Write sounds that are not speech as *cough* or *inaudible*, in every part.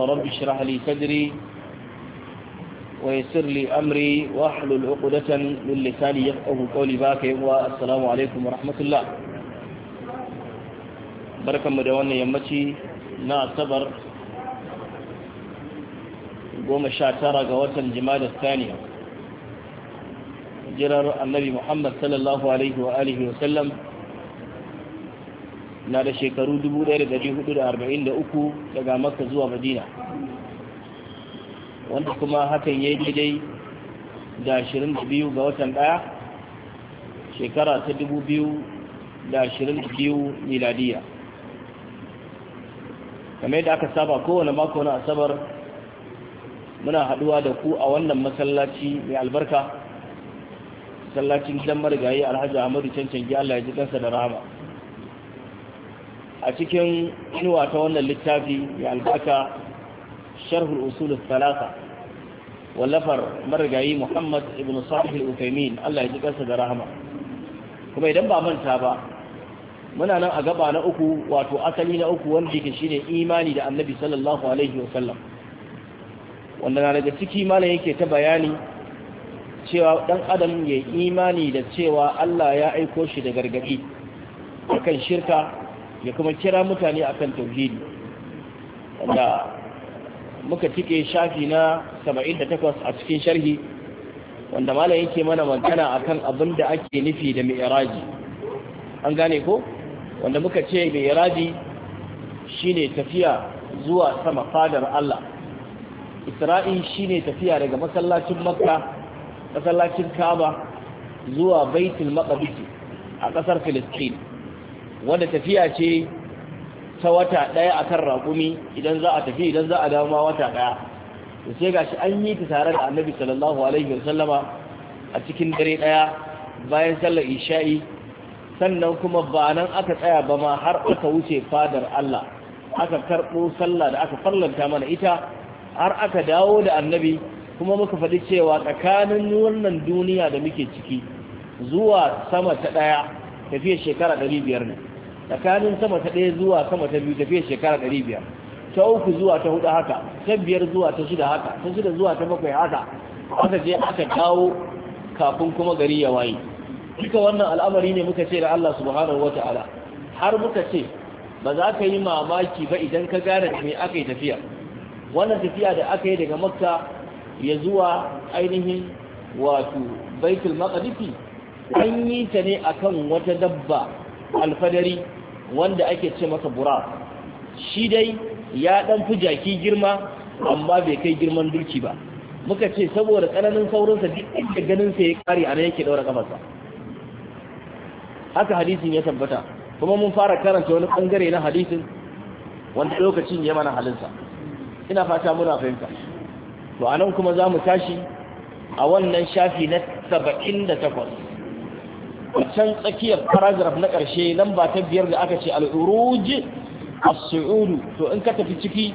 ورب اشرح لي صدري ويسر لي أمري واحلل عقدة من لساني يفقه قولي باكي والسلام عليكم ورحمة الله بركة مدوانا يمتي نا صبر قوم الشاترة قوات الجماد الثانية جرر النبي محمد صلى الله عليه وآله وسلم na da shekaru 1443 daga makka zuwa madina wanda kuma hakan ya yi daidai da 22 ga watan ɗaya shekara ta 2022 miladiya kamar yadda aka saba kowane mako na asabar muna haɗuwa da ku a wannan masallaci mai albarka masallacin gidan marigayi alhaji ahmadu cancanci allah ya ji kansa da rahama a cikin inuwa ta wannan littafi ya albaka sharhul usul salasa wallafar marigayi muhammad ibn sahih al-utaimin Allah ya ji kansa da rahama kuma idan ba manta ba muna nan a gaba na uku wato asali na uku wanda yake shine imani da annabi sallallahu alaihi wa sallam wanda na daga ciki malam yake ta bayani cewa dan adam ya imani da cewa Allah ya aiko shi da gargadi akan shirka ya kuma kira mutane a kan tauhidi wanda muka cike shafi na 78 a cikin sharhi wanda malam yake mana mantana akan abin da ake nufi da mi'raji an gane ko wanda muka ce mi'raji shine tafiya zuwa sama fadar Allah Isra'i shine tafiya daga masallacin Makka masallacin Kaba, zuwa Baitul Maqdis a ƙasar Filistin wanda tafiya ce ta wata ɗaya akan raƙumi idan za a tafi idan za a dawo ma wata ɗaya sai shi an yi ta tare da annabi sallallahu alaihi wasallama a cikin dare ɗaya bayan sallar isha'i sannan kuma ba nan aka tsaya ba ma har aka wuce fadar Allah aka karɓo sallah da aka farlanta mana ita har aka dawo da annabi kuma muka faɗi cewa tsakanin wannan duniya da muke ciki zuwa sama ta ɗaya tafiyar shekara ɗari biyar ne tsakanin sama ta ɗaya zuwa sama ta biyu tafiya shekara ɗari biyar ta uku zuwa ta hudu haka ta biyar zuwa ta shida haka ta shida zuwa ta bakwai haka aka je aka kawo kafin kuma gari ya waye duka wannan al'amari ne muka ce da Allah subhanahu wa Ta'ala", har muka ce ba za ka yi mamaki ba idan ka gane me aka yi tafiya wannan tafiya da aka yi daga makka ya zuwa ainihin wato baitul maqdisi an yi ta ne akan wata dabba alfadari wanda ake ce masa bura shi dai ya dan fi jaki girma amma bai kai girman dulki ba muka ce saboda tsananin saurinsa duk inda sa ya kare a nan yake daura kafarsa haka hadisin ya tabbata kuma mun fara karanta wani bangare na hadisin wanda lokacin ya mana halinsa ina fata muna fahimta to anan kuma za mu tashi a wannan shafi na saba'in da can tsakiyar paragraph na ƙarshe lamba ta biyar da aka ce al'uruj as-su'udu to in ka tafi ciki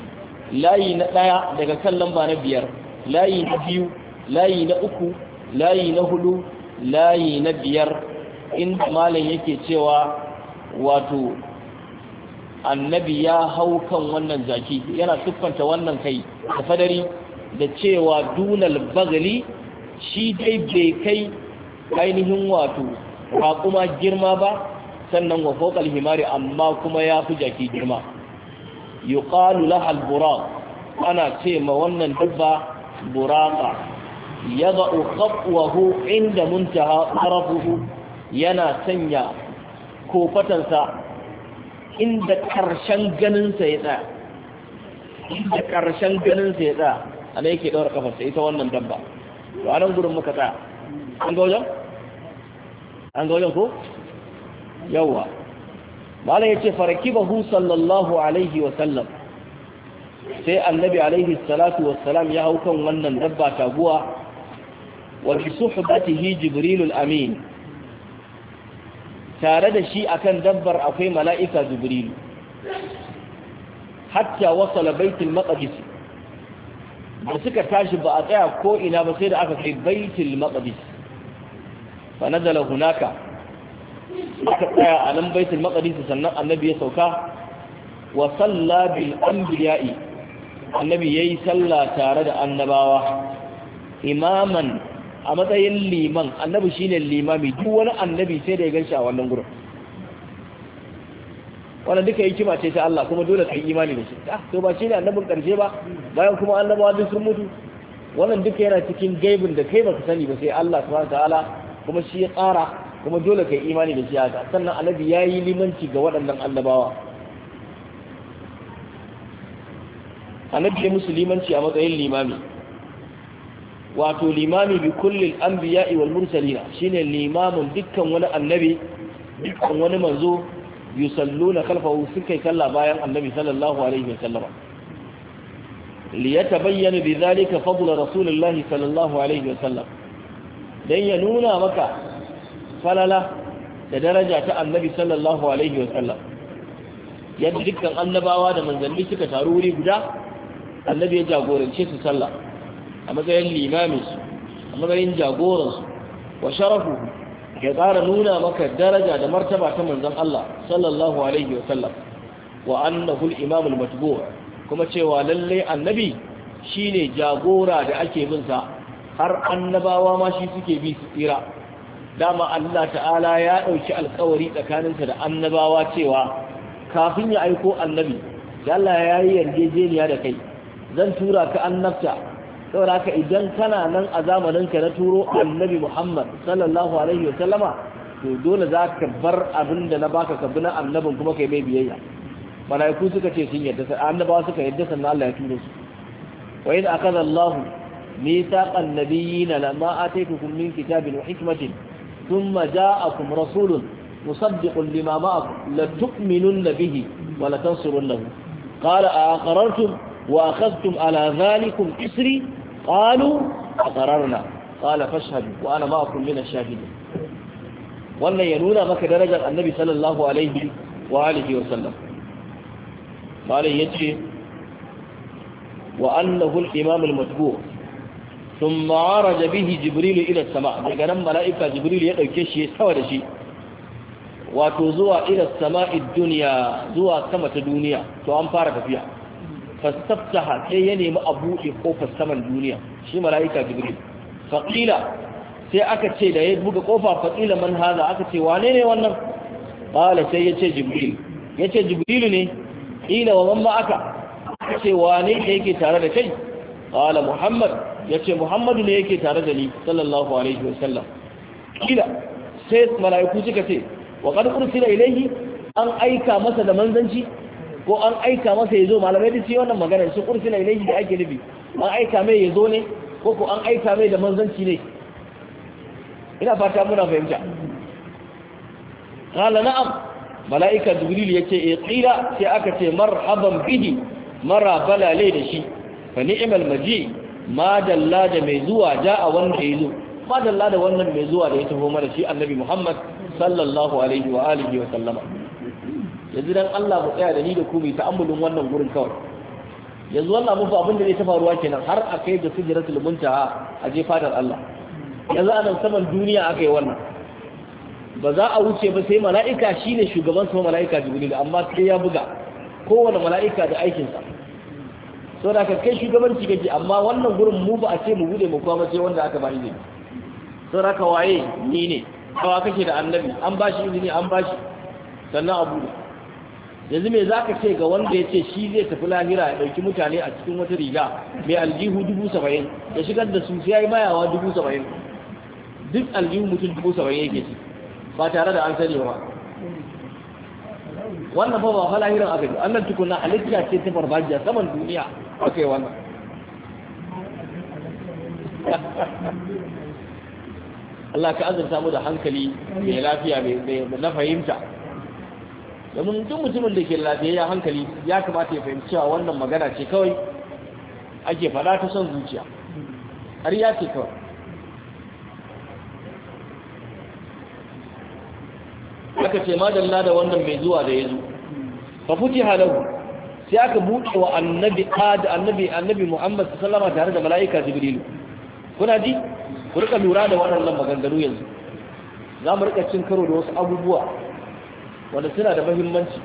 layi na ɗaya daga kan lamba na biyar layi na biyu layi na uku layi na hudu layi na biyar In malam yake cewa wato annabi ya hau kan wannan zaki yana siffanta wannan kai da fadari da cewa dunal bagali shi dai bai kai ainihin wato raƙuma girma ba sannan wa fokal himari amma kuma ya fi jaki girma yuqalu laha al-buraq ana ce ma wannan dabba buraqa Yaga khafwahu inda muntaha arafuhu yana sanya kofatansa inda ƙarshen ganinsa ya tsaya inda karshen ganinsa ya tsaya ana yake ita wannan dabba to nan gudun muka tsaya an ga wajen an ga wajen ko yawa malam yace farakibahu sallallahu alaihi wa sallam sai annabi alaihi salatu wassalam ya hau kan wannan dabba taguwa wa bi suhbatihi jibril amin tare da shi akan dabbar akwai mala'ika Jibrilu. hatta wasala baitul maƙabisi. da suka tashi ba a tsaya ko ina ba sai da aka kai baitin maqdis fa nazala hunaka aka tsaya a nan baitul maqdis sannan annabi ya sauka wa salla bil anbiya'i annabi yayi sallah tare da annabawa imaman a matsayin liman annabi shine limami duk wani annabi sai da ya ganshi a wannan gurin wannan duka hikima ce ta Allah kuma dole yi imani da shi ah, to ba shine annabin karshe ba bayan kuma annabawa duk sun mutu wannan duka yana cikin gaibin da kai baka sani ba sai Allah subhanahu wataala kuma shi ya tsara kuma dole ka yi imani da shi ta, sannan annabi ya yi limanci ga waɗannan annabawa annabi ya musu limanci a matsayin limami wato limami bi kullil anbiya'i wal mursalina ne limamin dukkan wani annabi dukkan wani manzo yusalluna khalfahu sun kai kalla bayan annabi sallallahu alaihi Liya ta wasallam liyatabayyana bidhalika fadlu rasulillahi sallallahu alaihi wasallam don ya nuna maka falala da daraja ta annabi sallallahu alaihi wasallam yadda dukkan annabawa da manzanni suka taru wuri guda annabi ya jagorance su sallah a matsayin limamin su a matsayin jagoran su wa sharafu ya tsara nuna maka daraja da martaba ta manzan Allah sallallahu alaihi wasallam wa annahul imamul matbu kuma cewa lallai annabi shine jagora da ake bin har annabawa ma shi suke bi su tsira dama Allah ta'ala ya ɗauki alkawari tsakaninsa da annabawa cewa kafin ya aiko annabi Allah ya yi yarjejeniya da kai zan tura ka annabta saboda ka idan kana nan a zamanin na turo annabi Muhammad sallallahu alaihi wa sallama to dole za ka bar abin da na baka ka bi na annabin kuma kai mai biyayya malaiku suka ce sun yadda annabawa suka yadda sannan Allah ya turo su wa idza akada Allahu. ميثاق النبيين لما آتيتكم من كتاب وحكمة ثم جاءكم رسول مصدق لما معكم لتؤمنن به ولتنصرنه قال أأقررتم وأخذتم على ذلكم إسري قالوا أقررنا قال فاشهدوا وأنا معكم من الشاهدين wannan ya nuna maka darajar annabi sallallahu alaihi wa alihi wa sallam malai yace wa annahu al-imam al-matbu' sun ma'ara jabihi jibrilu ila sama daga nan mala’ika jibrilu ya ɗauke shi ya sawa da shi wato zuwa ila sama duniya zuwa sama ta duniya to an fara tafiya fasafta hake ya nemi abu ikofar saman duniya shi mala’ika jibrilu faƙila sai aka ce da ya buga ƙofa faƙila man haza aka ce wane ne wannan ƙala sai ya ce jibrilu ya ce jibrilu ne ƙila wa mamma aka aka ce wane da yake tare da kai ƙala muhammad ce muhammadu ne yake tare da ni sallallahu alaihi wasallam Ƙila sai malaiku suka ce wa qad ursila ilaihi an aika masa da manzanci ko an aika masa ya zo malamai da ce wannan magana shi ursila ilaihi da ake nufi an aika mai ya zo ne ko ko an aika mai da manzanci ne ina fata muna fahimta Ƙala na'am mala'ika jibril ya ce ƙila eh, sai aka ce marhaban bihi mara balale da shi fa Imal maji ma dalla mai zuwa ja'a wanda yazo ma dalla da wannan mai zuwa da ya taho mana shi annabi Muhammad sallallahu alaihi wa alihi wa sallama yanzu dan Allah mu tsaya da ni da ku mu ta'ammulin wannan gurin kawai yanzu wannan mu abin da zai ta faruwa kenan har a kai da sujratul muntaha a je fadar Allah yanzu anan saman duniya aka yi wannan ba za a wuce ba sai mala'ika shine shugaban sama mala'ika jibril amma sai ya buga kowane mala'ika da aikinsa Sau da kai shugabanci kake amma wannan gurin mu ba a ce mu bude mu kuma sai wanda aka bani ne sau da ka waye ni ne kawa kake da annabi an ba shi izini an ba shi sannan abu bude yanzu me ka ce ga wanda ya ce shi zai tafi lahira ya dauki mutane a cikin wata riga mai aljihu dubu saba'in ya shigar da su sai ya yi mayawa dubu saba'in duk aljihu mutum dubu saba'in yake ci ba tare da an sani ba wannan ba ba fa lahirin annan tukuna halitta ce ta farfajiya saman duniya ake wannan Allah ka azurta mu da hankali mai lafiya mai na fahimta domin duk mutumin da ke lafiyayya hankali ya kamata ya fahimci cewa wannan magana ce kawai ake faɗa ta son zuciya har ya ce kawai aka ce madalla da wannan mai zuwa da ya zo fa futiha sai aka buɗe wa annabi ad annabi annabi Muhammad sallama tare da mala'ika Jibrilu kuna ji ku rika lura da waɗannan maganganu yanzu za mu rika cin karo da wasu abubuwa wanda suna da muhimmanci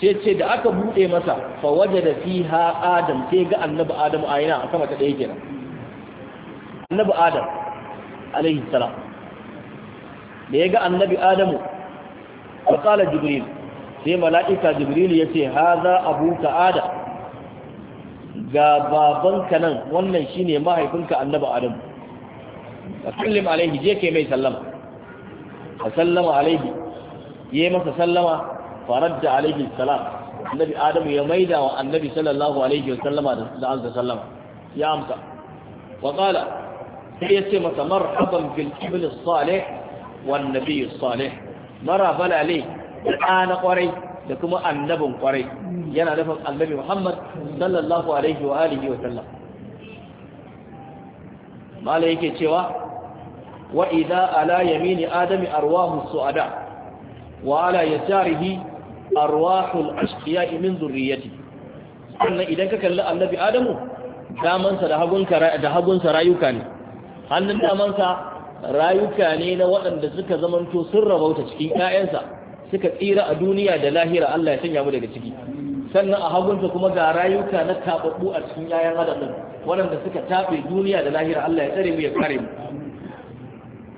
sai ce da aka buɗe masa fa wajada fiha adam sai ga annabi adam a yana a sama ta ɗaya kenan annabi adam alaihi salam da ya ga annabi adamu wa qala jibril sai mala'ika jibril ya ce haza abuka adam ga babanka nan wannan shine mahaifinka annabi adam sallim alaihi je kai mai sallama sallama alaihi yi masa sallama faradda alaihi salam annabi adam ya maida wa annabi sallallahu alaihi wasallama da alza sallama ya amsa wa qala sai ya ce masa marhaban bil ibn salih wan nabiy salih marhaban alaihi da ɗa na ƙwarai da kuma annabin ƙwarai yana nufin annabi Muhammad sallallahu alaihi wa alihi wa sallam mala yake cewa wa idza ala yamini adami arwahu su'ada wa ala yasarihi arwahul ashqiya min zurriyyati sannan idan ka kalli annabi Adamu damansa da hagunka da hagunsa rayuka ne hannun damansa rayuka ne na waɗanda suka zamanto sun rabauta cikin ƴaƴansa suka tsira a duniya da lahira Allah ya sanya mu daga ciki sannan a hagunta kuma ga rayuka na tababbu a cikin yayan adam waɗanda suka tabe duniya da lahira Allah ya tsare mu ya kare mu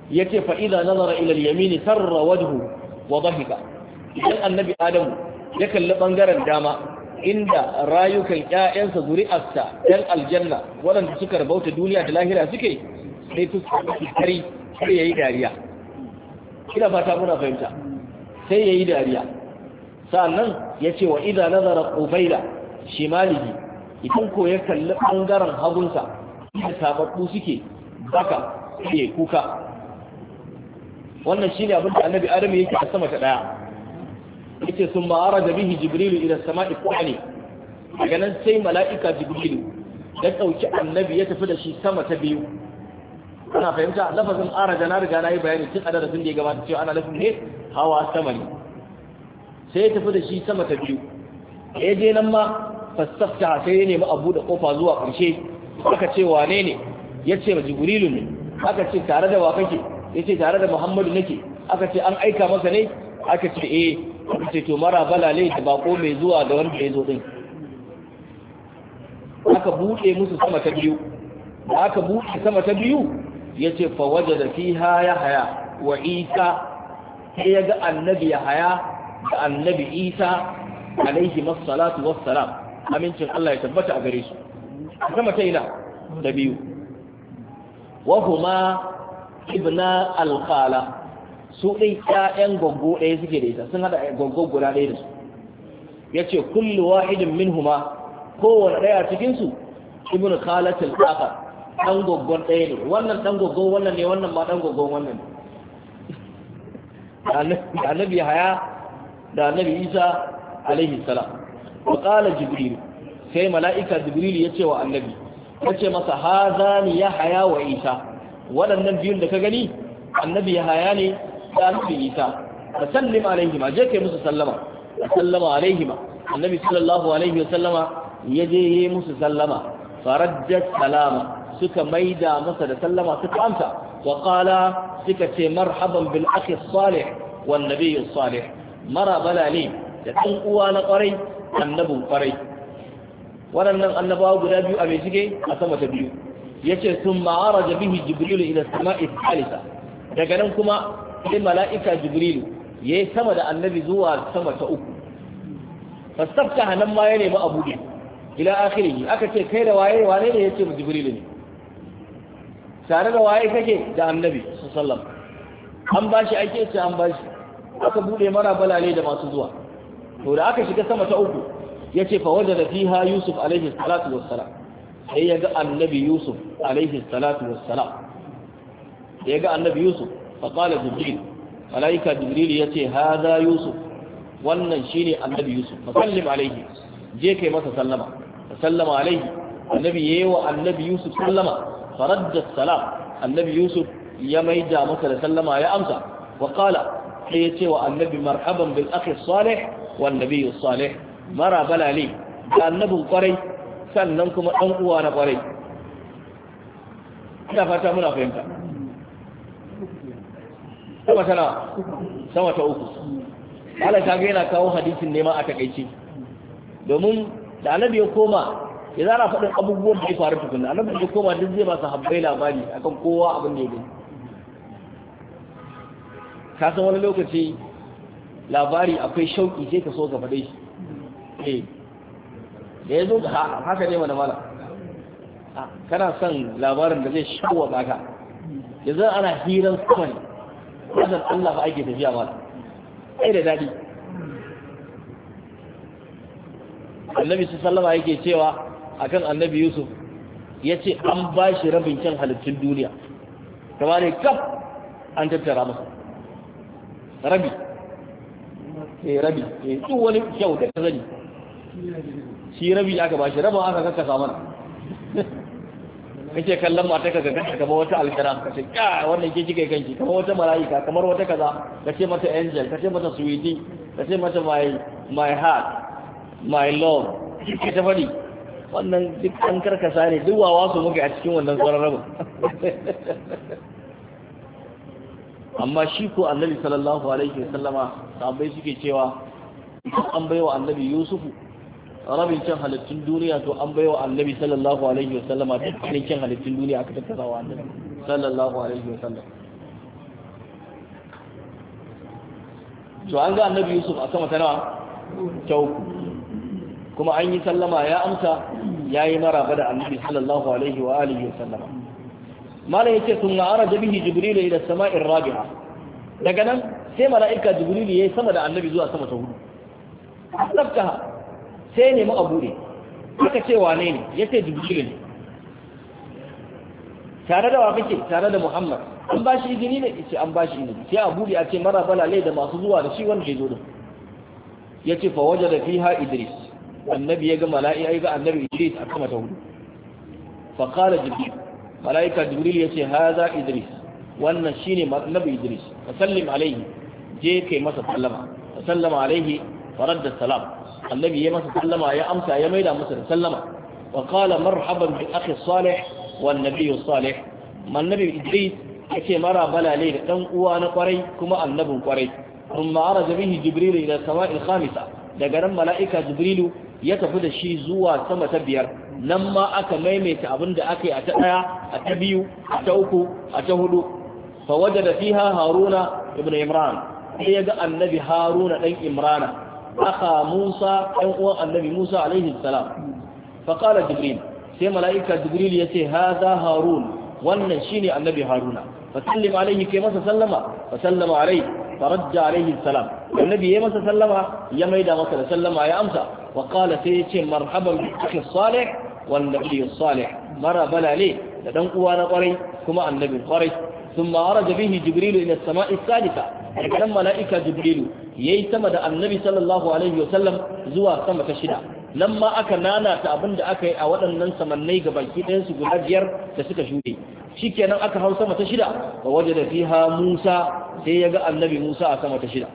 yace fa idza nazara ila al-yamin sarra wajhu wa dhahika idan annabi adam ya kalli bangaren dama inda rayukan ƴaƴansa zuri'arsa dan aljanna waɗanda suka rabauta duniya da lahira suke sai su kari sai yi dariya ina fata muna fahimta sai ya yi dariya sannan ya ce wa idan nazara ƙubaila shimalihi idan ko ya kalli ɓangaren hagunsa da sababbu suke baka ke kuka wannan shi ne abinda annabi adam yake a sama ta ɗaya ce sun ma'ara da bihi jibrilu idan sama'i ƙwani a nan sai mala'ika jibrilu ya ɗauki annabi ya tafi da shi sama ta biyu kuna fahimta lafazin araja na riga na yi bayani cin a darasin da ya gabata cewa ana lafin ne hawa sama ne sai ya tafi da shi sama ta biyu ya je nan ma fassafta sai ya nemi abu da kofa zuwa ƙarshe aka ce wane ne ya ce ma jigurilu ne aka ce tare da wa kake ya ce tare da muhammadu nake aka ce an aika masa ne aka ce eh aka ce to mara balale da bako mai zuwa da wanda ya zo din aka buɗe musu sama ta biyu aka buɗe sama ta biyu yace fa wajada fiha haya wa isa sai ga annabi haya da annabi isa alaihi masallatu wassalam amincin Allah ya tabbata a gare su kuma ta ina da biyu wa huma ibna alqala su dai ƴaƴan gongo ɗaya suke da ita sun hada gongo guda ɗaya da su yace kullu wahidin huma kowanne ɗaya cikin su ibnu khalatil akhar ɗan goggon ɗaya ne wannan ɗan goggon wannan ne wannan ba ɗan goggon wannan ne da annabi haya da annabi isa alaihi salam wa qala jibril sai mala'ika jibril ya ce wa annabi ya ce masa ni ya haya wa isa waɗannan biyun da ka gani annabi ya haya ne da annabi isa sallima alaihi ma je kai musu sallama sallama ma annabi sallallahu alaihi wa sallama ya je yi musu sallama farajjat salama suka maida masa da sallama suka amsa wa qala suka ce marhaban bil akhi salih wan nabiy salih marabala ne da ɗan uwa na ƙwarai annabin ƙwarai waɗannan annabawa guda biyu a mai shige a sama ta biyu ya ce sun ma'ara da bihi jibrilu ila sama italisa daga nan kuma sai mala'ika jibrilu ya yi sama da annabi zuwa sama ta uku fastafta hannun ma ya nemi abu ne ila akhirihi aka ce kai da waye wane ne ya ce mu jibrilu ne tare da waye kake da annabi sallam an bashi ake ce an bashi aka bude mara ne da masu zuwa to da aka shiga sama ta uku ya ce fa wajada fiha yusuf alaihi salatu wassalam sai ya ga annabi yusuf alaihi salatu wassalam ga annabi yusuf fa qala jibril malaika jibril ya ce hada yusuf wannan shine annabi yusuf fa sallim alaihi je kai masa sallama sallama alaihi annabi yayi wa annabi yusuf sallama faradda salam annabi yusuf ya maida masa da sallama ya amsa wa qala sai ya ce wa annabi marhaban bil akhi salih wan nabiy salih mara balali da annabin kwarai sannan kuma dan uwa ina fata muna fahimta sama tana sama ta uku yana kawo hadisin nema a takaici domin da annabi ya koma ya zara faɗin abubuwan da ya faru tukuna a nan da koma duk zai ba su habbai labari akan kowa abin da ya gani ka san wani lokaci labari akwai shauƙi sai ka so ka faɗe shi ne eh, da ya zo da haka ne mana mana ah, kana son labarin da zai shawo ka yanzu ana hiran sama ne Allah ba ake tafiya mana ai da daɗi annabi su sallama yake cewa akan annabi yusuf ya ce an ba shi rabin kyan halittun duniya kama ne kaf an tattara masa rabi eh rabi eh duk wani kyau da zani shi rabi aka ba shi rabin aka kakkasa mana kake kallon mata ka ga ka kama wata alkara ka ce ka wannan ke kike kanki kamar wata mala'ika kamar wata kaza ka ce mata angel ka ce mata sweetie ka ce mata my my heart my love ke ta fadi wannan duk an karkasa ne duk wawa su muke a cikin wannan tsararrabin. amma shi ko annabi sallallahu alaihi wasallama sahabbai suke cewa an baiwa annabi yusufu rabin can halittun duniya to an baiwa annabi sallallahu alaihi wasallama dukkanin can halittun duniya aka tattara wa annabi sallallahu alaihi wasallam to an ga annabi yusuf a sama ta nawa ta uku kuma an yi sallama ya amsa ya yi maraba da annabi sallallahu alaihi wa alihi wa sallama malam yace sun ara da bihi jibril ila sama'i rabi'a daga nan sai mala'ika jibril yayi sama da annabi zuwa sama ta hudu asabta sai ne mu abu ne aka ce wane ne yace jibril ne tare da wa kake tare da muhammad an bashi izini ne yace an bashi izini sai abu ne a ce maraba lalai da masu zuwa da shi wanda ke zo din yace fa wajada fiha idris annabi ya ga mala'i ga annabi Idris a sama ta hudu fa qala jibril malaika jibril yace haza Idris wannan shine annabi Idris fa sallim alaihi je kai masa sallama fa sallama alaihi fa radda salam annabi ya masa sallama ya amsa ya maida masa da sallama wa qala marhaban bil akhi salih wan nabiy salih man nabi Idris yace mara balale da dan uwa na kwarai kuma annabin kwarai ثم عرج به جبريل إلى السماء الخامسة daga nan mala'ika jibrilu ya tafi da shi zuwa sama ta biyar nan ma aka maimaita abin da aka yi a ta ɗaya a ta biyu a ta uku a ta hudu fa da fiha haruna ibn imran sai ya ga annabi haruna dan imrana aka musa ɗan uwan annabi musa alaihi salam fa qala jibril sai mala'ika jibril ce haza harun wannan shine annabi haruna fa sallim alaihi kai masa sallama fa sallama alaihi faradda alaihi salam annabi ya masa sallama ya maida masa da sallama ya amsa wa sai ya ce marhaban bi akhi salih wal nabi salih mara balale da dan uwa na kwarai kuma annabi kwarai ثم عرج به جبريل إلى السماء الثالثة لما mala'ika جبريل يي سما da annabi sallallahu alaihi wasallam zuwa sama ta shida nan ma aka nanata abin da aka yi a waɗannan samannai ga baki ɗayansu guda biyar da suka shuɗe shi kenan aka hau sama ta shida ba waje da fiha musa sai ya ga annabi musa a sama ta shida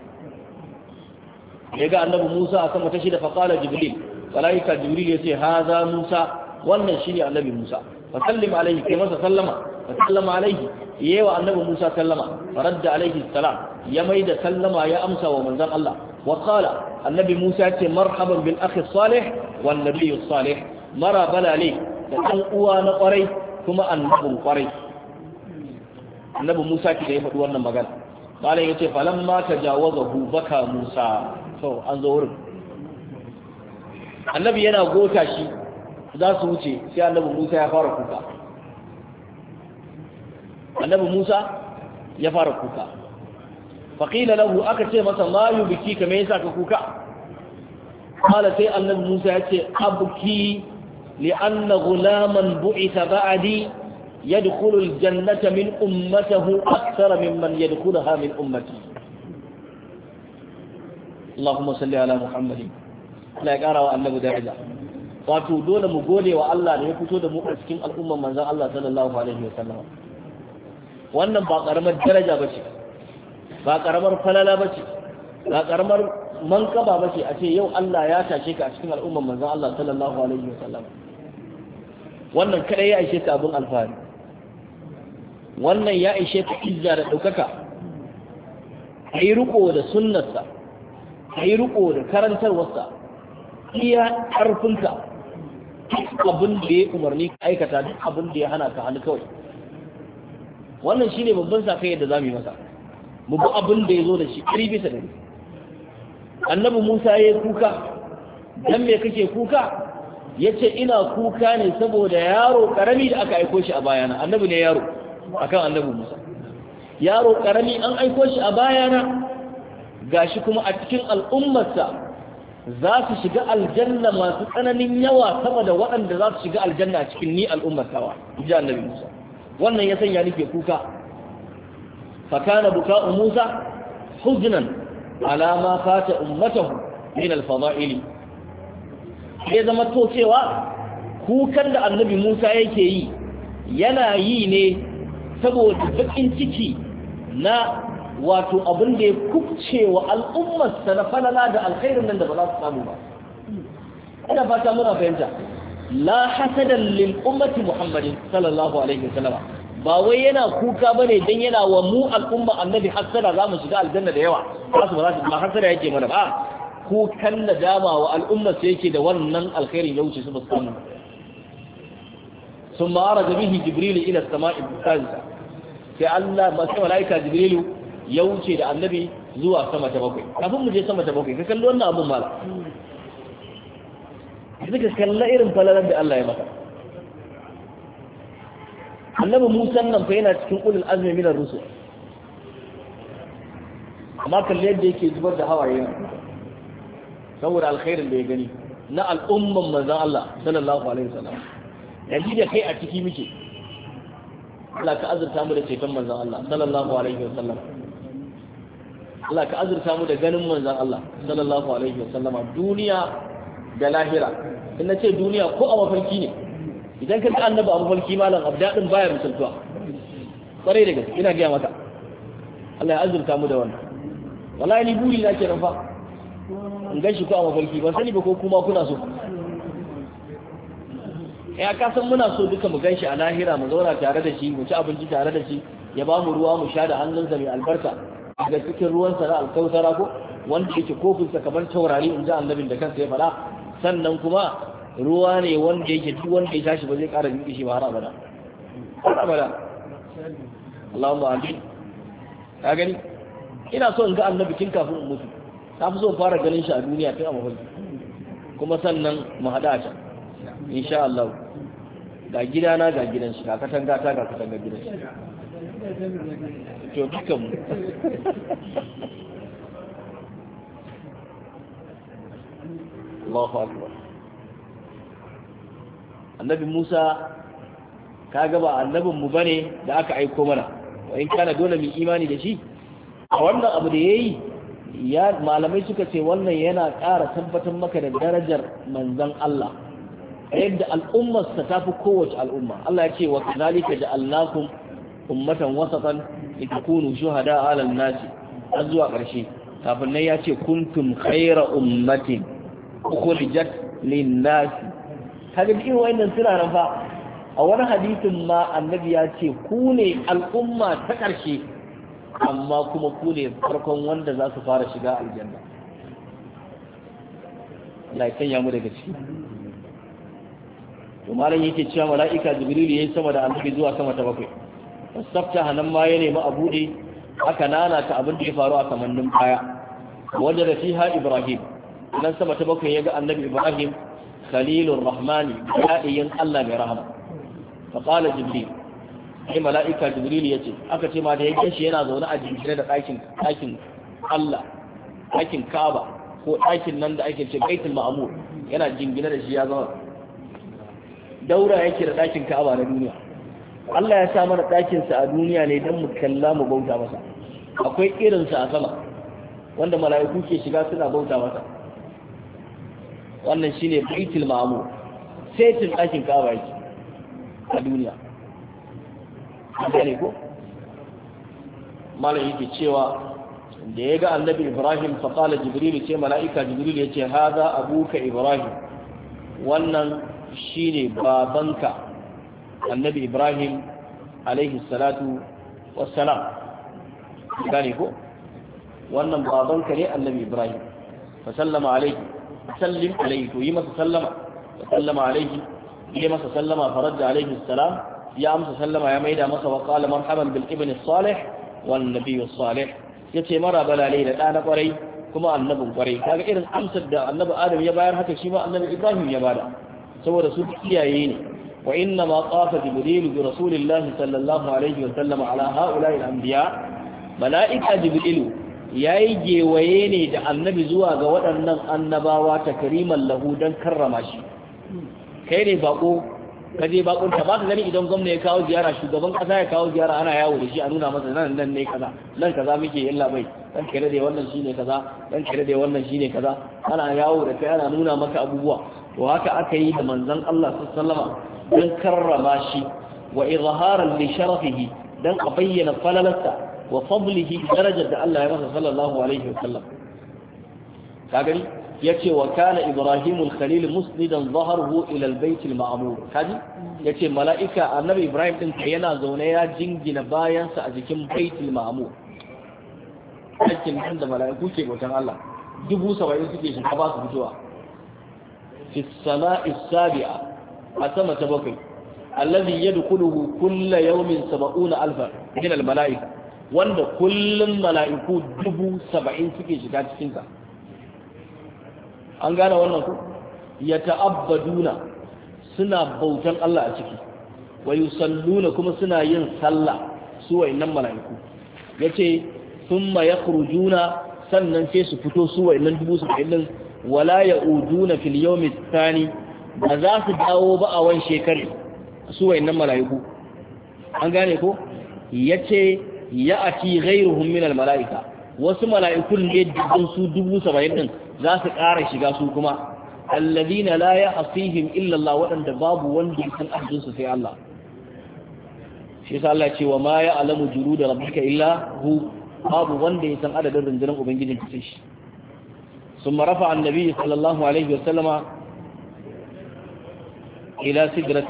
ya ga annabi musa a sama ta shida fa ƙala jibril malaika jibril ya ce haza musa wannan shi ne annabi musa fa sallim alaihi kai masa sallama fa sallama alaihi yayi wa annabi musa sallama fa radda alaihi salam ya mai da sallama ya amsa wa manzon allah وقال النبي موسى مرحبا بالأخ الصالح والنبي الصالح مرى بلا لي لأن أوانا قري كما أنه قري النبي موسى كده يفتوانا مغان قال يتي فلما تجاوزه بكى موسى سو أنظر النبي ينا قوتا شي ذا سوتي سيا النبي موسى يفارق كوكا النبي موسى يفارق كوكا faƙila lahu aka ce masa mayu biki ka me yasa ka kuka kala sai annabi musa ya ce abki li'anna gulaman bu'ita ba'adi yadkhulu aljannata min ummatihi akthar mimman yadkhulaha min ummati Allahumma salli ala Muhammadin Allah ya wa annabi daraja wato dole mu gode wa Allah da ya fito da mu a cikin al'ummar manzon Allah sallallahu alaihi wa wasallam wannan ba karamar daraja ba bace ba karamar falala ba ce ba karamar mankaba ba ce a ce yau Allah ya tashe ka a cikin al'ummar manzon Allah sallallahu alaihi wasallam wannan kadai ya ishe ka abin alfahari wannan ya ishe ka izza da ɗaukaka, daukaka yi riko da sunnarsa yi riko da karantarwarsa iya ƙarfinka duk abin da ya umarni ka aikata duk abin da ya hana ka hannu kawai wannan shine babban sakai da mu yi masa mu bi abin da ya zo da shi ƙari bisa da annabi musa ya yi kuka don me kake kuka ya ce ina kuka ne saboda yaro ƙarami da aka aiko shi a bayana annabi ne yaro akan annabi musa yaro ƙarami an aiko shi a bayana gashi kuma a cikin al'ummarsa za su shiga aljanna masu tsananin yawa sama da waɗanda za su shiga aljanna cikin ni al'ummar tawa ji annabi musa wannan ya sanya nake kuka fakana buka'u musa huznan ala ma fata ummatahu min al-fada'il sai zama to kukan da annabi musa yake yi yana yi ne saboda baƙin ciki na wato abin da ya kubce wa al'ummarsa da alkhairin nan da ba za su samu ba ina fata muna fahimta la hasadan lil ummati muhammadin sallallahu alaihi wasallam ba wai yana kuka bane dan yana wa mu al'umma annabi hasara za mu shiga aljanna da yawa ba su ba ba hasara yake mana ba kukan dama wa al'umma sai yake da wannan alkhairin ya wuce su ba su samu sun ma'ara bihi jibril ila sama'i bisansa sai Allah sai malaika jibril ya wuce da annabi zuwa sama ta bakwai kafin mu je sama ta bakwai ka kalli wannan abun mala ka kalla irin falalan da Allah ya maka annabi Musa nan fa yana cikin ulul azmi min ar-rusul amma kalle yadda yake zubar da hawaye saboda alkhairin da ya gani na al'umman manzon Allah sallallahu alaihi wasallam yanzu da kai a ciki muke Allah ka azurta mu da ceton manzon Allah sallallahu alaihi wasallam Allah ka azurta mu da ganin manzon Allah sallallahu alaihi wasallama duniya da lahira in na ce duniya ko a mafarki ne idan ka ji annabi a mafarki malam abdadin baya misaltuwa kwarai da gaske ina gaya mata. Allah ya azurta mu da wannan wallahi ni buri na kenan fa in gashi ko a mafarki ban sani ba ko kuma kuna so ya kasan muna so duka mu ganshi a lahira mu zauna tare da shi mu ci abinci tare da shi ya ba mu ruwa mu sha da hannunsa mai albarka daga cikin ruwansa na alkautara ko wanda yake kofinsa kamar taurari in ji annabin da kansa ya faɗa sannan kuma ruwa ne wanda yake duk wanda ya tashi ba zai ƙara jin kishi ba har abada har abada Allahumma amin ka gani ina so in ga annabi tun kafin in mutu Ta fi so fara ganin shi a duniya tun a mafarki kuma sannan mu haɗa a can insha Allah ga gidana ga gidan shi ga katanga ta ga katanga gidan shi to dukan mu *laughs* Allahu akbar annabi Musa kaga ba annabin mu bane da aka aiko mana wa in kana dole mu imani da shi a wannan abu da yayi ya malamai suka ce wannan yana ƙara tabbatar maka da darajar manzon Allah yadda al'ummar sa tafi kowace al'umma Allah ya ce wa kadhalika ja'alnakum ummatan wasatan litakunu shuhada 'ala an-nas har zuwa ƙarshe kafin nan ya ce kuntum khayra ummatin ukhrijat lin-nas kaga irin suna nan fa a wani hadisin ma annabi ya ce ku ne al'umma ta ƙarshe amma kuma ku ne farkon wanda za su fara shiga aljanna Allah ya sanya mu daga ciki to malam yake cewa mala'ika jibrilu yayin sama da annabi zuwa sama ta bakwai wasafta hanan ma ya nemi a bude aka ta abin da ya faru a kamannin baya wanda da ibrahim nan sama ta bakwai ya ga annabi ibrahim khalilur rahmani ya Allah mai rahama fa qala jibril sai mala'ika jibril yace aka ce ma da yake shi yana zaune a jinkire da ɗakin ɗakin Allah ɗakin Kaaba ko ɗakin nan da ake ce Baitul Ma'mur yana jingine da shi ya zama daura yake da ɗakin Kaaba na duniya Allah ya sa mana ɗakin sa a duniya ne dan mu kalla mu bauta masa akwai irin sa a sama wanda mala'iku ke shiga suna bauta masa wannan shi ne baitul mamu, saitin ɗakin kaba yake a duniya ne ko malam yake cewa da ya ga annabi ibrahim faƙala Jibrilu ce mala'ika Jibrilu ya ce haza abuka ibrahim wannan shi ne babanka annabi ibrahim alaihi salatu wassalam gane ko wannan babanka ne annabi ibrahim Fasallama alaihi سلم عليه ويما سلم سلم عليه ويما سلم فرد عليه السلام يا امس سلم يا ميدا مس وقال مرحبا بالابن الصالح والنبي الصالح يتي مرا بلا لي انا قري كما النبي قري كاجا ايرن امس النبي ادم يا باير حتى شي النبي ابراهيم يا بادا سو رسول كيايي وانما طاف جبريل برسول الله صلى الله عليه وسلم على هؤلاء الانبياء ملائكه جبريل ya yi gewaye ne da annabi zuwa ga waɗannan annabawa ta kariman lahu don karrama shi kai ne bako ka je bakon ta ba ka gani idan gwamna ya kawo ziyara shugaban kasa ya kawo ziyara ana yawo da shi a nuna masa nan nan ne kaza nan kaza muke yalla bai dan kire da wannan shine kaza dan kire da wannan shine kaza ana yawo da kai ana nuna maka abubuwa to haka aka yi da manzon Allah sallallahu alaihi wasallam don karrama shi wa izharan li sharafihi dan a bayyana falalarsa wa fadlihi darajar da Allah ya masa sallallahu alaihi wasallam ka gani yace wa kana ibrahim al-khalil musnidan dhahruhu ila al-bayt al-ma'mur kaji yace mala'ika annabi ibrahim din yana zaune ya jingina sa a jikin baitul ma'mur nan da mala'iku ke bautan Allah dubu saba'in suke shiga ba su fitowa fi sama'i sabi'a a sama ta bakwai allazi yadkhuluhu kullu yawmin sab'una alfa min al-mala'ika wanda kullum mala'iku dubu saba'in suke shiga cikinsa an gane wannan ku ya ta'abbaduna suna bautan Allah a ciki wa yusalluna kuma suna yin sallah su wayannan mala'iku yace thumma yakhrujuna sannan sai su fito su wayannan dubu saba'in din wala ya'uduna fil yawmi tsani ba za su dawo ba a wani shekare su wayannan mala'iku an gane ko yace ya a ati ghairuhum min mala'ika wasu mala'ikun ne dukkan su dubu saba'in din za su ƙara shiga su kuma alladhina la ya'sihim illa Allah waɗanda babu wanda ya san adadin sai Allah shi yasa Allah ce wa ma ya'lamu jurud rabbika illa hu babu wanda ya san adadin rundunar ubangijin ka sai shi ثم رفع النبي صلى الله عليه وسلم إلى سدرة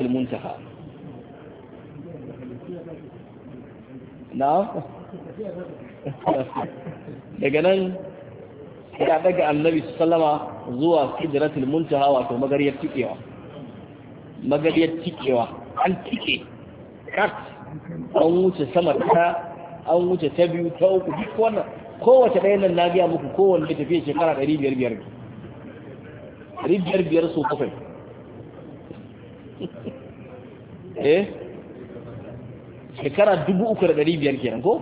na'am daga nan ya daga annabi sallama zuwa sidratul muntaha wato magariyar tikewa magariyar tikewa an tike kat an wuce sama ta an wuce ta biyu ta uku duk wannan kowace ɗayan nan na biya muku kowanne tafiya shekara ɗari biyar biyar ɗari biyar biyar so kafai *laughs* eh shekara dubu uku da ɗari biyar kenan ko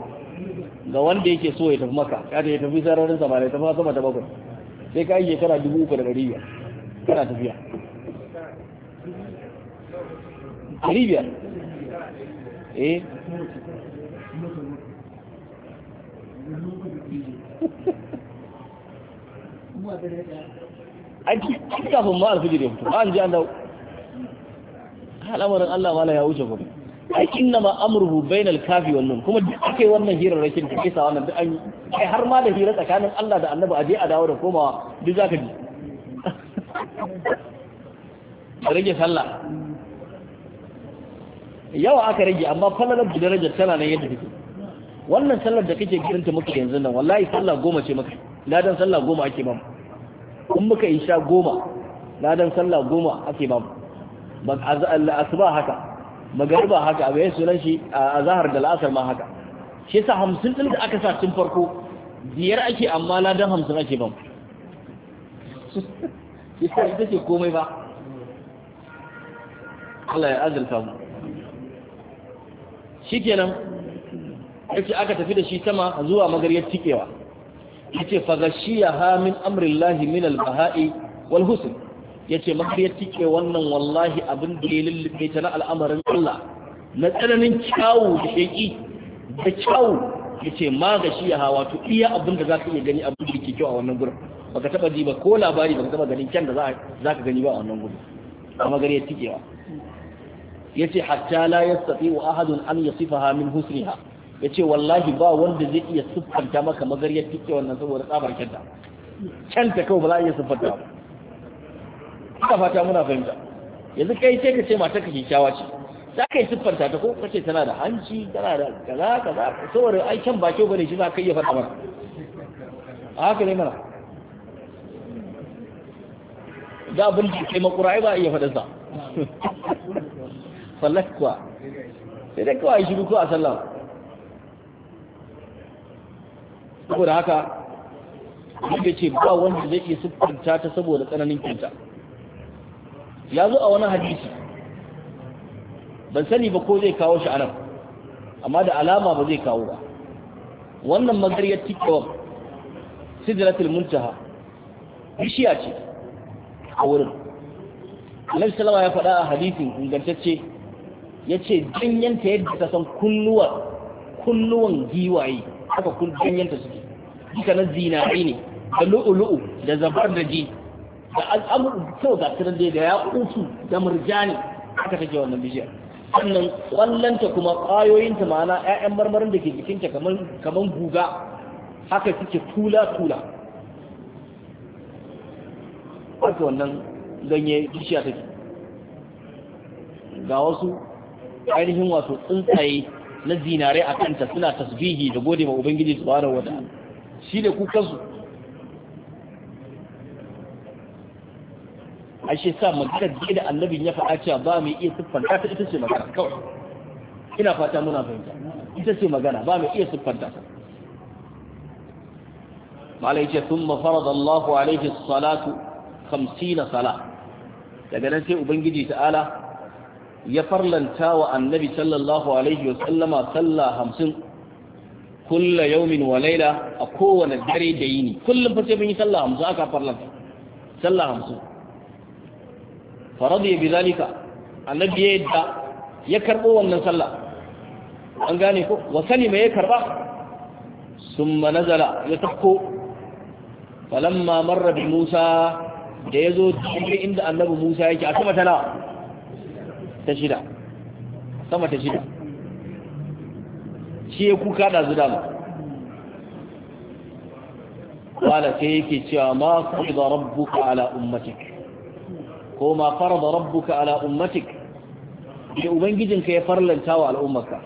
ga wanda yake so ya tafi maka ya ya tafi sararin sama ya tafi sama ta bakwai sai ka yi shekara dubu uku da ɗari biyar kana tafiya ɗari biyar eh ai kafin ma alfijir ya ba an ji an dawo al'amarin Allah mala ya wuce gobe ai inna ma amruhu bainal kafi wannan kuma duk akai wannan hirar rakin da kisa wannan duk an yi ai har ma da hira tsakanin Allah da Annabi je a dawo da komawa duk zaka ji rage sallah yawa aka rage amma falalar da darajar tana nan yadda take wannan sallar da kake girinta muka yanzu nan wallahi sallah goma ce maka ladan sallah goma ake mamu in muka isha goma ladan sallah goma ake mamu ba asuba haka magari ba haka abu ya sunan shi a zahar da la'asar ma haka shi sa hamsin ɗin da aka sa tun farko biyar ake amma ladan hamsin ake ban *laughs* shi yasa ita ce komai ba Allah ya azurta mu shi kenan ce aka tafi da shi sama zuwa ya tikewa yace fagashiya hamin min amrillahi min albahai wal husn ya ce makariyar tike wannan wallahi abin da ya lullube ta na al'amarin Allah na tsananin kyawu da sheƙi da kyawu ya ce shi ya hawa to iya abin da za ka iya gani abin da ke kyau a wannan gurin baka taɓa ji ba ko labari baka taba ganin kyan da za ka gani ba a wannan gurin a magariyar tikewa ya ce hatta la ya saɓi wa ahadun an ya sifa ha min husniha ya ce wallahi ba wanda zai iya siffanta maka magariyar tikewa nan saboda tsabar kyanta kyanta kawai ba za a iya siffanta ba ina fata muna fahimta yanzu kai sai ka ce mata ka kyakkyawa ce za ka yi siffanta ta ko ka ce tana da hanci tana da kaza kaza saboda ai can ba kyau bane shi za ka iya faɗa mana a haka ne mana da abin da kai makura ai ba iya faɗa sa fallas *laughs* kuwa sai dai kawai shiru ko a sallah saboda haka duk da ce ba wanda zai iya siffanta ta saboda tsananin kinta ya zo a wani hadisi ban sani ba ko zai kawo shi anan amma da alama ba zai kawo ba wannan magariyar tiktok sidratul muntaha bishiya ce a wurin annabi salama ya faɗa a hadisin ingantacce ya ce janyanta yadda ta san kunnuwan giwaye haka kun janyanta suke dukkanin zinari ne da lu'ulu'u da zabar da ji da al'amur kyau ga tiran da ya kutu da murjani aka take wannan bishiyar sannan kwallonta kuma ƙwayoyinta ma'ana 'ya'yan marmarin da ke jikinta kamar guga haka suke tula-tula wata wannan ganye bishiya take ga wasu ainihin wato tsuntsaye na zinare a kanta suna tasbihi da gode ma ubangiji su wa wata. shi da kukansu. ashe sa magana da annabin ya faɗa cewa ba mu iya siffanta ta ita ce magana kawai ina fata muna fahimta ita ce magana ba mu iya siffanta ta malai ce sun mafarad Allah alaihi salatu hamsina sala daga nan sai ubangiji ta'ala ya farlanta wa annabi sallallahu alaihi wasallama sallah hamsin kulla yaumin wa laila a kowane dare da yini kullum fa sai mun yi sallah hamsin aka farlanta sallah hamsin Faradu ya bi zalika annabi ya yadda ya karɓo wannan sallah an gane ko wa salima ya karba summa nazala ya tafko falamma marra bi musa da ya zo cikin inda annabi musa yake a sama ta nawa ta shida sama ta shida shi ya kuka da zuda ma qala sai yake cewa ma qada rabbuka ala ummatik ko ma farada rabbuka ala ummatik da ubangijinka ya farlanta wa al'ummarka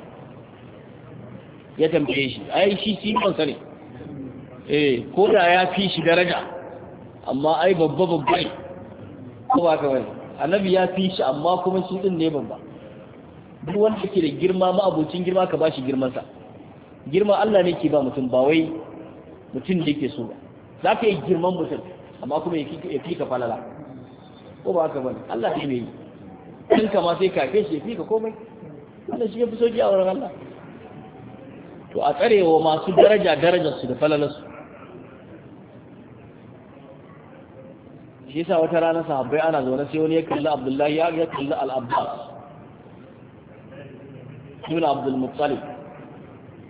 ya tambaye shi ai shi sifansa ne eh ko da ya fi shi daraja amma ai babba babba ne ko ba ka kawai annabi ya fi shi amma kuma shi din ne babba duk wanda yake da girma ma abocin girma ka bashi sa. girma Allah ne ke ba mutum ba wai mutum da yake so ba za ka yi girman mutum amma kuma ya fi ka falala ko ba haka bane Allah shi ne yi kan ma sai kafe shi fi ka komai Allah shi ya fi soki a wurin Allah to a tsarewa masu daraja daraja su da su, shi yasa wata rana sahabbai ana zaune sai wani ya kalli Abdullahi ya ga kalli Al-Abbas ibn Abdul Muttalib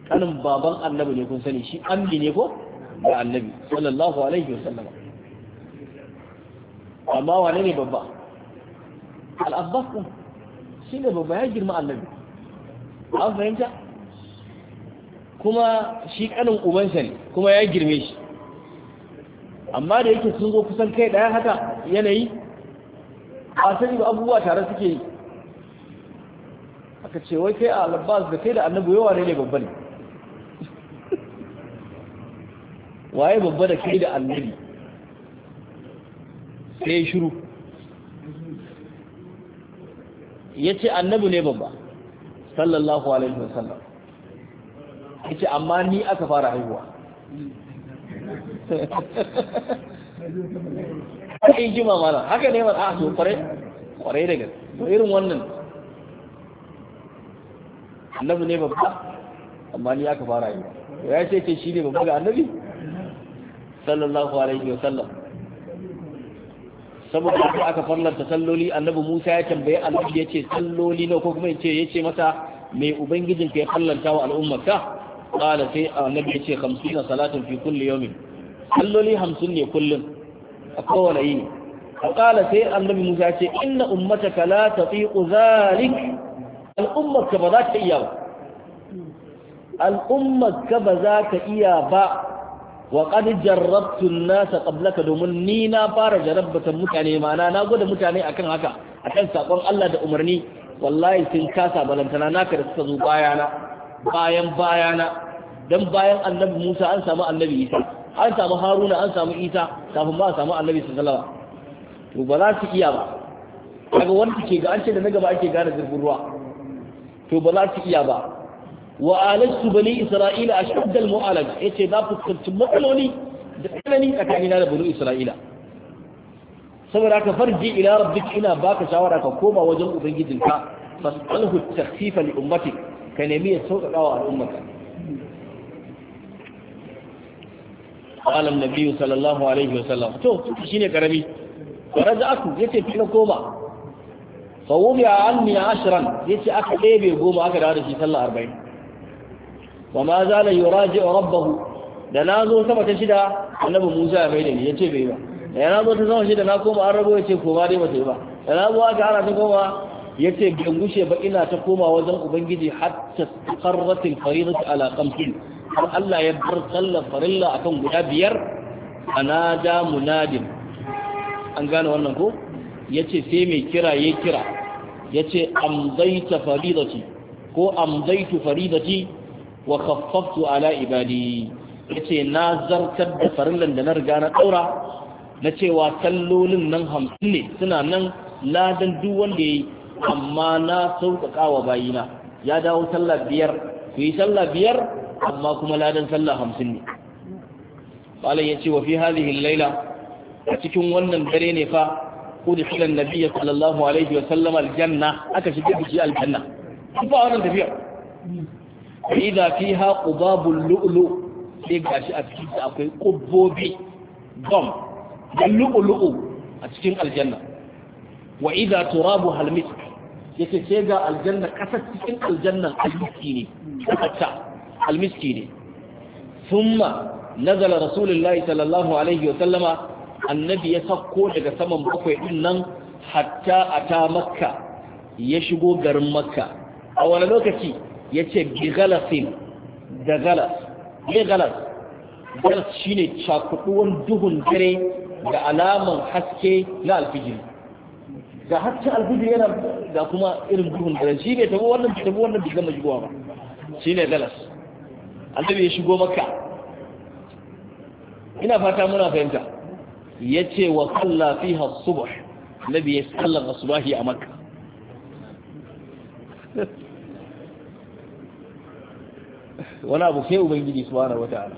kanin baban Annabi ne kun sani shi ambi ne ko ga Annabi sallallahu alaihi wasallam amma wane ne babba al'abbas ɗin shi ne babba ya girma annabi an fahimta kuma shi ƙanin ubansa ne kuma ya girme shi amma da yake sun zo kusan kai ɗaya haka yanayi a sani ba abubuwa tare suke yi aka ce wai kai a al'abbas da kai da annabi yawa ne ne babba ne *laughs* waye babba da kai da annabi sai ya shiru ya ce annabi ne babba sallallahu alaihi wasallam ya ce amma ni aka fara haihuwa haka yi jima mana haka ne mana a ah, so kwarai da gaske irin wannan annabi ne babba amma ni aka fara haihuwa ya ce ce shi ne babba ga annabi sallallahu alaihi wasallam saboda haka aka farlanta salloli annabi Musa ya tambaye annabi yace salloli ne ko kuma yace yace masa me ubangijin ka ya farlanta wa al'ummarka qala sai annabi yace 50 salatin fi kulli yawmin salloli 50 ne kullun. a kowane yini qala sai annabi Musa ya ce inna ummataka la tatiqu zalik al'ummarka ba za ta iya ba al'ummarka ba za ta iya ba wa qad jarrabtu an-nas qablaka domin ni na fara jarabtan mutane mana na gode mutane akan haka akan sakon Allah da umarni wallahi sun kasa balantana ka da suka zo bayana bayan bayana dan bayan annabi Musa an samu annabi Isa an samu Haruna an samu Isa kafin ba a samu annabi sallallahu alaihi to ba za su iya ba kaga wanda ke ga an ce da na gaba ake gane zurfin ruwa to ba za su iya ba wa alajtu bani isra'ila ashadd al mu'alaj yace na fuskanci matsaloli da tsanani tsakanina da bani isra'ila saboda haka farji ila rabbik ina baka shawara ka koma wajen ubangijinka fasalhu takhfifa li ummatik ka nemi ya sauƙaƙa wa al'ummaka alam nabi sallallahu alaihi wa sallam to shine karami faraja aku yace kina koma fa wubi anni ashran yace aka ɗebe goma aka dawo da shi sallah arba'in wa ma zala yuraji rabbahu da na zo sama ta shida annabi Musa ya maida ni yace bai ba da ya zo ta sama shida na koma an rabo yace koma dai bata ba da na zo aka ana ta koma yace ban gushe ba ina ta koma wajen ubangiji hatta qarratil fariidati ala qamsin har Allah ya bar sallar farilla akan guda biyar anada munadin an gane wannan ko yace sai mai kira ya kira yace amdaita faridati ko amdaitu faridati wa khaffaftu ala ibadi yace na zartar da farillan da na riga na daura na cewa sallolin nan hamsin ne suna nan ladan duk wanda yayi amma na sauƙaƙa wa bayina ya dawo sallah biyar ku yi sallah biyar amma kuma ladan sallah hamsin ne malam yace wa fi hadhihi al-laila a cikin wannan dare ne fa udkhila an sallallahu alaihi wa sallam al-janna aka shige biki al-janna ba wannan tafiya idza fiha qubabul lu'lu sai gashi a cikin ta akwai qubbobi gum da lu'lu'u a cikin aljanna Wa'ida idza turabu hal misk yace sai ga aljanna kasar cikin aljannan almiski ne kasata almiski ne thumma nazala rasulullahi sallallahu alaihi wa sallama annabi ya sakko daga saman bakwai din nan hatta ata makka ya shigo garin makka a wani lokaci ya ce bi da galas ne galas galas shi ne cakuduwan duhun dare da alaman haske na alfijiri ga hatta alfijiri yana ga kuma irin duhun dare shi ne tabo wannan tabo wannan bai gama shigowa ba shi ne galas annabi ya shigo maka ina fata muna fahimta ya ce wa kalla fiha subh nabi ya sallar asubahi a makka wani abu sai ubangiji subhanahu wataala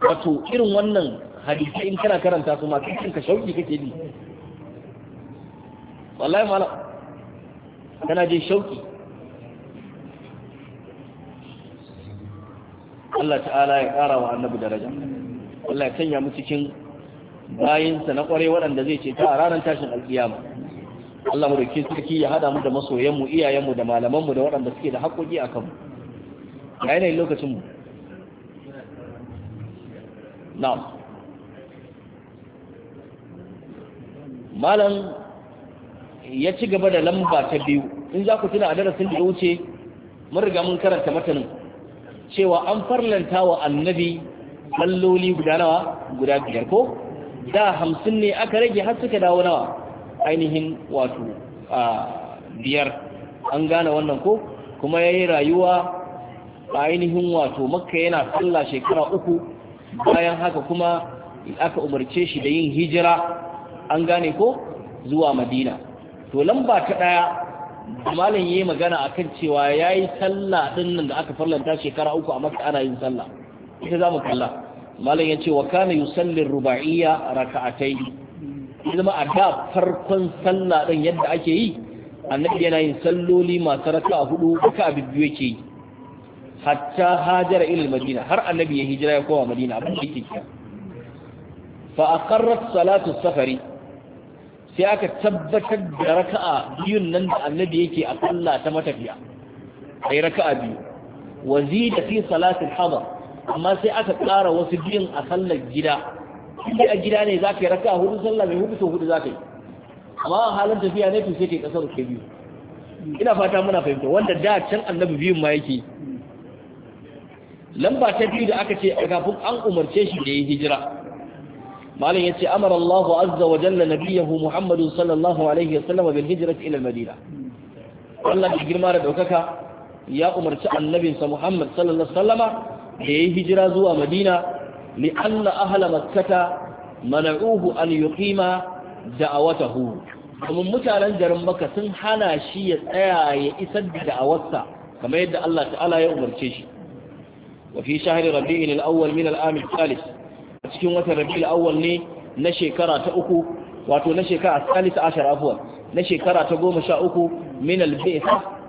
wato irin wannan hadisi in kana karanta su ma kai ka shauki kake bi wallahi malam kana je shauki Allah ta'ala ya ƙara wa annabi daraja Allah ya sanya mu cikin bayinsa na kware waɗanda zai ce ta a ranar tashin alkiyama Allah mu da sarki ya hada mu da masoyanmu iyayenmu da malamanmu da waɗanda suke da haƙoƙi a kanmu ga yanayin lokacinmu na malam ya ci gaba da lamba ta biyu in za ku tuna a darasin da wuce mun riga mun karanta matanin cewa an farlanta wa annabi lalloli guda nawa guda biyar ko da hamsin ne aka rage har suka dawo nawa ainihin wato a biyar an gane wannan ko kuma ya yi rayuwa ainihin wato makka yana tsalla shekara uku bayan haka kuma aka umarce shi da yin hijira an gane ko zuwa madina to lamba ta daya malam yayi magana akan cewa yayi sallah din nan da aka farlanta shekara uku a makka ana yin sallah ita zamu kalla malam yace wa kana yusalli ruba'iyya rak'atai zama a da farkon sallah din yadda ake yi annabi yana yin salloli masu raka'a hudu raka'a biyu yake yi hatta hajara ilil madina har annabi ya hijira ya kowa madina abin da yake kiya fa aqarrat salatu safari sai aka tabbatar da raka'a biyun nan da annabi yake a sallah ta matafiya ai raka'a biyu wa zida fi salati al-hadar amma sai aka ƙara wasu biyun a sallar gida inda a gida ne zaka yi raka'a hudu sallah mai hudu to hudu zaka yi amma a halin tafiya ne to sai kai kasar ke biyu ina fata muna fahimta wanda da can annabi biyun ma yake lamba ta biyu da aka ce a kafin an umarce shi da ya hijira malam ce amara Allah azza wa jalla nabiyahu Muhammadu sallallahu alaihi wasallam bil hijrati ila al-Madina Allah da girma da daukaka ya umarci annabinsa Muhammad sallallahu alaihi wasallama da ya hijira zuwa Madina li anna ahla makkata mana'uhu an yuqima da'awatahu kuma mutanen garin Makka sun hana shi ya tsaya ya isar da da'awarsa kamar yadda Allah ta'ala ya umarce shi وفي شهر ربيع الأول من العام الثالث cikin watan rabi'ul awwal ne na shekara ta uku wato na shekara salisa ashar afwan na shekara ta goma sha uku min al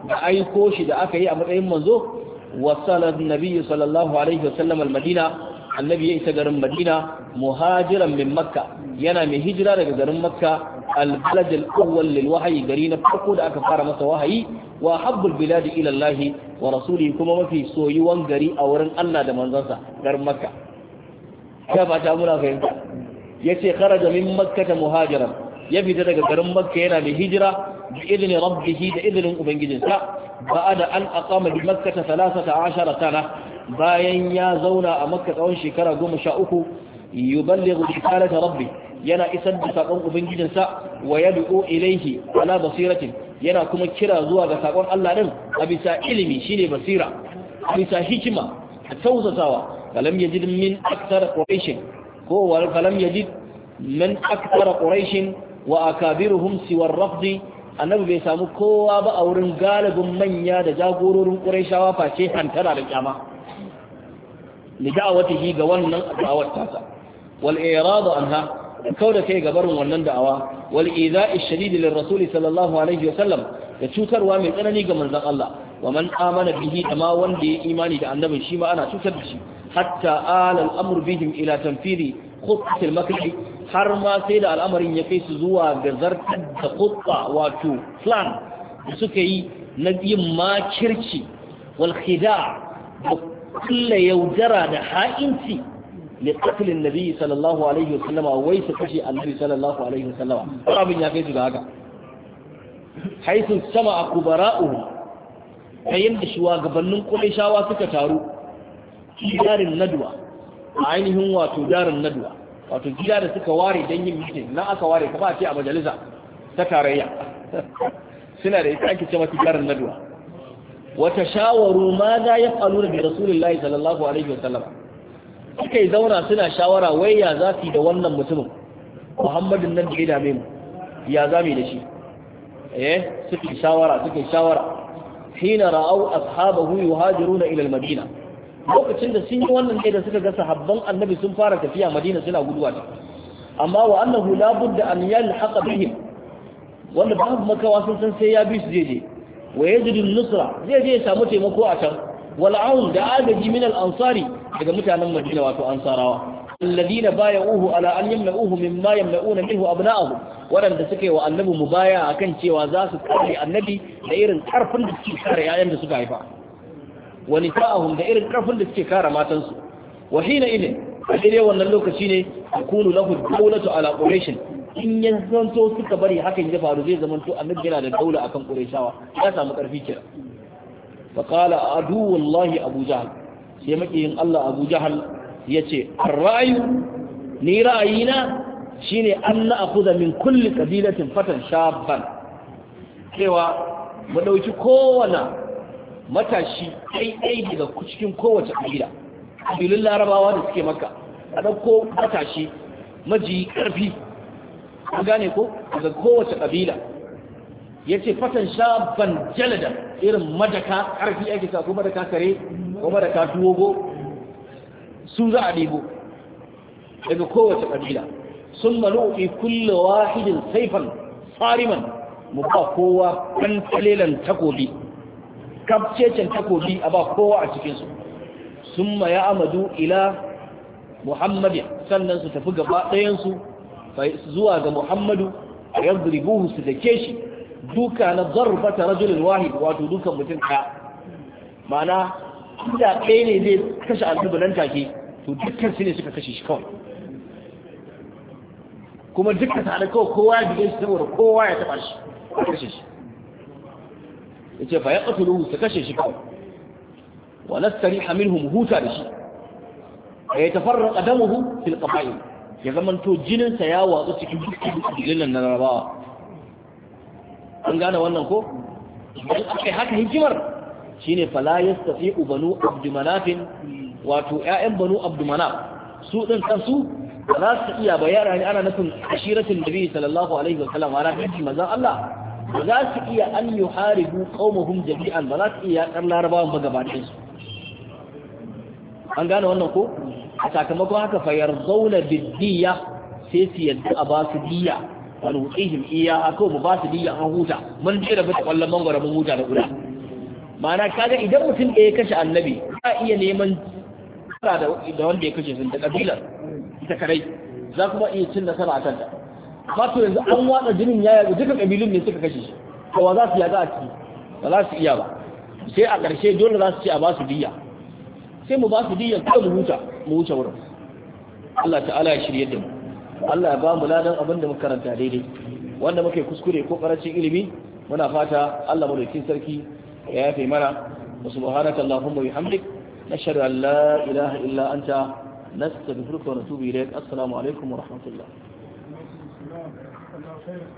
da aiko shi da aka yi a matsayin manzo wasu sallallahu sallallahu alaihi wasallam al-madina annabi ya isa garin madina muhajiran min makka yana mai hijira daga garin makka albalad al-awwal lil wahyi gari na farko da aka fara masa wahayi wa habbul bilad ila Allah wa rasuli kuma mafi soyuwan gari a wurin Allah da manzansa garin makka ya ba ta muna fahimta yace kharaja min makkah muhajiran ya fita daga garin makka yana mai hijira بإذن ربه بإذن أبنجدنسا بعد أن أقام بمكة ثلاثة عشر سنة باين يا زونا أمكة أون شكرا قوم شاؤه يبلغ رسالة ربه ينا إسد ساقون أبنجدنسا ويدعو إليه على بصيرة ينا كما كرا زوا ساقون الله نم أبسا إلمي شيني بصيرة أبسا هكما توزة سوا فلم يجد من أكثر قريش هو فلم يجد من أكثر قريش وأكابرهم سوى الرفض annabi bai samu kowa ba a wurin galibin manya da jagororin ƙurai shawa face hantara da ƙyama. kyama li da'awatihi ga wannan da'awar tasa wal i'rad anha kau da kai gabarin wannan da'awa wal idha'i shadid lir rasul sallallahu alaihi wasallam da cutarwa mai tsanani ga manzon Allah wa man amana bihi da ma wanda ya imani da annabin shi ma ana cutar da shi hatta ala al-amr bihim ila tanfiri khutbat al har ma sai da al'amarin ya kai su zuwa ga zartar da kutsa wato plan da suka yi na yin makirci walhida da kulla yaudara da ha'inci liƙatilin nabi sallallahu alaihi wasallama wai su kashe annabi sallallahu alaihi wasallama abin ya kai su ga haka haisun sama a kubara'u ta yadda shugabannin ƙulishawa suka taru darin nadwa a ainihin wato darin nadwa wato gida da suka ware don yin mitin na aka ware kuma a ce a majalisa ta tarayya suna da ita ake ce mata garin nadwa wata shawaru ma za ya falu da rasulullahi sallallahu alaihi wa sallam suka yi zauna suna shawara wai ya za su da wannan mutumin muhammadin nan da ya dame mu ya za mu da shi eh suka yi shawara suka yi shawara hina ra'au ashabahu yuhajiruna ila al-madina lokacin da sun yi wannan ne da suka ga sahabban annabi sun fara tafiya madina suna guduwa ta amma wa annahu la budda an yalhaqa bihim wanda babu makawa sun san sai ya bi su jeje wa yajidu nusra zai je ya samu taimako a can wal aun da agaji min al ansari daga mutanen madina wato ansarawa alladina baya'uhu ala an yamna'uhu mimma yamna'una minhu abna'ahum waɗanda suka yi wa annabi mubaya akan cewa za su kare annabi da irin karfin da suke kare yayan da suka haifa wa nisa'ahum da irin karfin da suke kare matansu wa hina idin a wannan lokaci ne takunu lahu dawlatu ala quraish in ya suka bari hakan ya faru zai zamanto annabi yana da daula akan qurayshawa ya samu karfi kira fa qala adu wallahi abu jahl sai makiyin Allah abu jahl yace ar-ra'yu ni ra'ayina shine an na'khudha min kulli qabilatin fatan shabban cewa mu dauki kowanne. matashi ɗaiɗai daga cikin kowace ƙabila ƙabilun larabawa da suke maka a ɗauko matashi maji ƙarfi an gane ko daga kowace ƙabila ya ce fatan shaban jalada irin madaka ƙarfi ake sa ko madaka kare ko madaka tuwogo su za a daga kowace ƙabila sun ofi kulle wahidin saifan tsariman mu ba kowa ɗan talelan takobi kafcecen takobi a ba kowa a cikinsu sun maya amadu ila muhammadin sannan su tafi gaba ɗayansu zuwa ga muhammadu a yadribuhu su dake shi duka na zarfata rajulun wahid wato dukan mutum ɗaya ma'ana inda ɗaya ne zai kashe annabi nan take to dukkan su ne suka kashe shi kawai kuma dukkan tare kawai kowa ya bige shi saboda kowa ya taɓa shi kashe shi yace fa yaqtuluhu su kashe shi kawai wa nastariha minhum huta da shi ya tafarraqa damuhu fil qaba'il ya zamanto jinin sa ya watsu cikin dukkan na rabawa an gane wannan ko idan aka haka hikimar shine fala yastati'u banu abdumanafin wato ƴaƴan banu abdumanaf su din kansu ba za su iya bayar ana nufin ashiratin nabi sallallahu alaihi wa sallam ana nufin manzon Allah ba za su iya an yi haribu ƙaumahun jami'an ba za su iya yaƙar larabawan ba gabatinsu an gane wannan ko a sakamakon haka fayar zauna biddiya sai su yadda a ba su diya wani wutsihim iya a kawai ba su diya an huta mun ce da bata ƙwallon mangwara mun huta da guda ma'ana kaga idan mutum ɗaya kashe annabi za a iya neman da wanda ya kashe sun da ƙabilar ita kadai za kuma iya cin nasara a kanta amma to yanzu an watsa jinin ya yaɗu duka ƙabilun ne suka kashe shi kawa za su yaɗa a ciki ba za su iya ba sai a ƙarshe dole za su ce a ba su diya sai mu ba su diya kuma mu huta mu huta wurin Allah ta'ala ya shirye da mu Allah ya ba mu ladan abin da muka karanta daidai wanda muke kuskure ko ƙarancin ilimi muna fata Allah dauki sarki ya yafe mana wa subhanaka allahumma wa bihamdik nashhadu an la ilaha illa anta nastaghfiruka wa natubu ilayk assalamu alaikum wa rahmatullah Gracias.